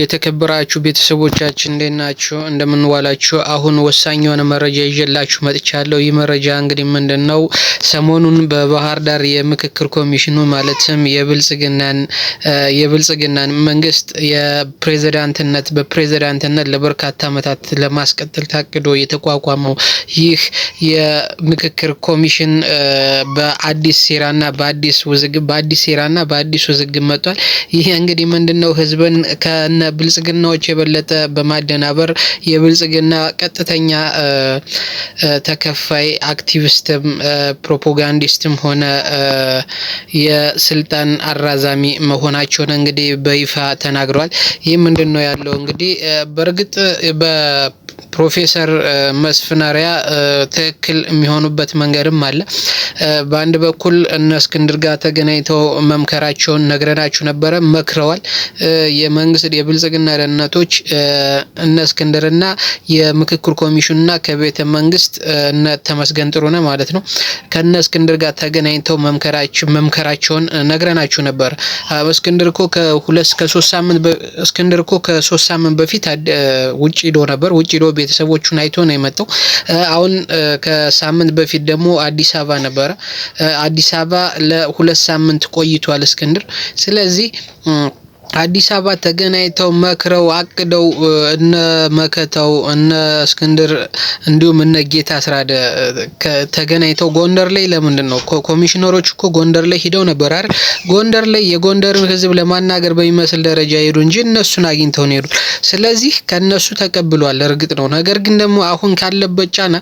የተከበራችሁ ቤተሰቦቻችን እንዴት ናችሁ? እንደምንዋላችሁ። አሁን ወሳኝ የሆነ መረጃ ይዤላችሁ መጥቻለሁ። ይህ መረጃ እንግዲህ ምንድን ነው? ሰሞኑን በባህር ዳር የምክክር ኮሚሽኑ ማለትም የብልጽግናን የብልጽግናን መንግስት የፕሬዚዳንትነት በፕሬዚዳንትነት ለበርካታ ዓመታት ለማስቀጠል ታቅዶ የተቋቋመው ይህ የምክክር ኮሚሽን በአዲስ ሴራና በአዲስ ውዝግብ በአዲስ ሴራና በአዲስ ውዝግብ መጥቷል። ይህ እንግዲህ ምንድን ነው ህዝብን ከነ ብልጽግናዎች የበለጠ በማደናበር የብልጽግና ቀጥተኛ ተከፋይ አክቲቪስትም ፕሮፓጋንዲስትም ሆነ የስልጣን አራዛሚ መሆናቸውን እንግዲህ በይፋ ተናግረዋል። ይህ ምንድን ነው ያለው እንግዲህ በእርግጥ በ ፕሮፌሰር መስፍን አርአያ ትክክል የሚሆኑበት መንገድም አለ። በአንድ በኩል እነ እስክንድር ጋር ተገናኝተው መምከራቸውን ነግረናችሁ ነበረ፣ መክረዋል። የመንግስት የብልጽግና ደህንነቶች እነ እስክንድርና የምክክር ኮሚሽኑና ከቤተ መንግስት እነ ተመስገን ጥሩነህ ማለት ነው ከነ እስክንድር ጋር ተገናኝተው መምከራቸውን ነግረናችሁ ነበር። እስክንድር እኮ ከሁለት ከሶስት ሳምንት እስክንድር እኮ ከሶስት ሳምንት በፊት ውጭ ሂዶ ነበር ውጭ ሂዶ ቤተሰቦቹን አይቶ ነው የመጣው። አሁን ከሳምንት በፊት ደግሞ አዲስ አበባ ነበረ። አዲስ አበባ ለሁለት ሳምንት ቆይቷል እስክንድር ስለዚህ አዲስ አበባ ተገናኝተው መክረው አቅደው እነ መከተው እነ እስክንድር እንዲሁም እነ ጌታ አስራደ ተገናኝተው ጎንደር ላይ ለምንድን ነው ኮሚሽነሮች እኮ ጎንደር ላይ ሂደው ነበር አይደል? ጎንደር ላይ የጎንደርን ሕዝብ ለማናገር በሚመስል ደረጃ ሄዱ እንጂ እነሱን አግኝተው ነው ሄዱ። ስለዚህ ከነሱ ተቀብሏል፣ እርግጥ ነው። ነገር ግን ደግሞ አሁን ካለበት ጫና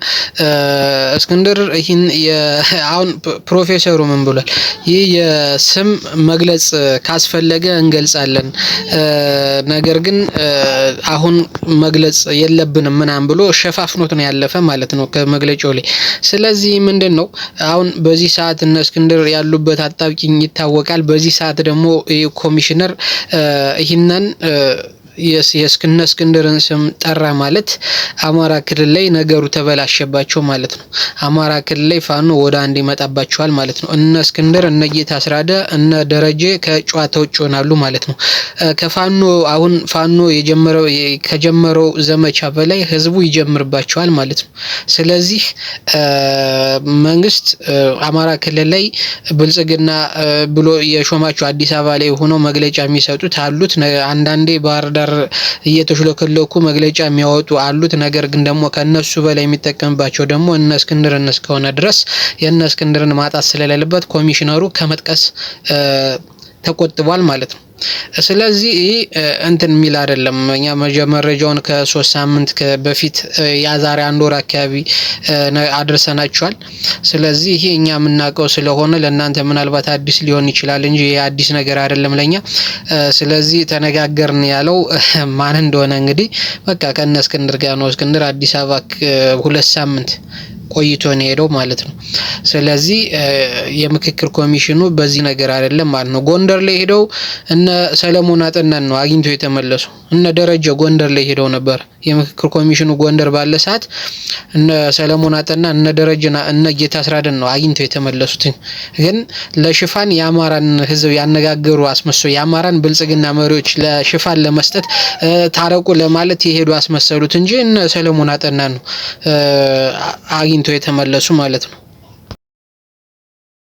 እስክንድር ይህን አሁን ፕሮፌሰሩ ምን ብሏል? ይህ የስም መግለጽ ካስፈለገ እንገልጻለን እንችላለን፣ ነገር ግን አሁን መግለጽ የለብንም ምናምን ብሎ ሸፋፍኖት ነው ያለፈ ማለት ነው ከመግለጫው ላይ። ስለዚህ ምንድን ነው አሁን በዚህ ሰዓት እነ እስክንድር ያሉበት አጣብቂኝ ይታወቃል። በዚህ ሰዓት ደግሞ ኮሚሽነር ይህንን የእስክነ እስክንድርን ስም ጠራ ማለት አማራ ክልል ላይ ነገሩ ተበላሸባቸው ማለት ነው። አማራ ክልል ላይ ፋኖ ወደ አንድ ይመጣባቸዋል ማለት ነው። እነ እስክንድር እነ ጌታ አስራደ እነ ደረጀ ከጨዋታ ውጭ ይሆናሉ ማለት ነው። ከፋኖ አሁን ፋኖ የጀመረው ከጀመረው ዘመቻ በላይ ህዝቡ ይጀምርባቸዋል ማለት ነው። ስለዚህ መንግስት አማራ ክልል ላይ ብልጽግና ብሎ የሾማቸው አዲስ አበባ ላይ ሆነው መግለጫ የሚሰጡት አሉት አንዳንዴ ባህር ዳር በስተቀር እየተሽለከለኩ መግለጫ የሚያወጡ አሉት። ነገር ግን ደግሞ ከእነሱ በላይ የሚጠቀምባቸው ደግሞ እነ እስክንድርን እስከሆነ ድረስ የእነ እስክንድርን ማጣት ስለሌለበት ኮሚሽነሩ ከመጥቀስ ተቆጥቧል ማለት ነው። ስለዚህ እንትን የሚል አይደለም። እኛ መረጃውን ከሶስት ሳምንት በፊት የዛሬ አንድ ወር አካባቢ አድርሰናቸዋል። ስለዚህ ይሄ እኛ የምናውቀው ስለሆነ ለእናንተ ምናልባት አዲስ ሊሆን ይችላል እንጂ ይሄ አዲስ ነገር አይደለም ለእኛ። ስለዚህ ተነጋገርን ያለው ማን እንደሆነ እንግዲህ በቃ ከነ እስክንድር ጋር ነው። እስክንድር አዲስ አበባ ሁለት ሳምንት ቆይቶ ነው የሄደው ማለት ነው። ስለዚህ የምክክር ኮሚሽኑ በዚህ ነገር አይደለም ማለት ነው። ጎንደር ላይ ሄደው እነ ሰለሞን አጥናን ነው አግኝቶ የተመለሱ። እነ ደረጀ ጎንደር ላይ ሄደው ነበር። የምክክር ኮሚሽኑ ጎንደር ባለ ሰዓት እነ ሰለሞን አጠና እነ ደረጀና እነ ጌታ ስራደን ነው አግኝቶ የተመለሱት። ግን ለሽፋን የአማራን ሕዝብ ያነጋገሩ አስመሰሉ። የአማራን ብልጽግና መሪዎች ለሽፋን ለመስጠት ታረቁ ለማለት የሄዱ አስመሰሉት እንጂ እነ ሰለሞን አጠና ነው አግኝቶ የተመለሱ ማለት ነው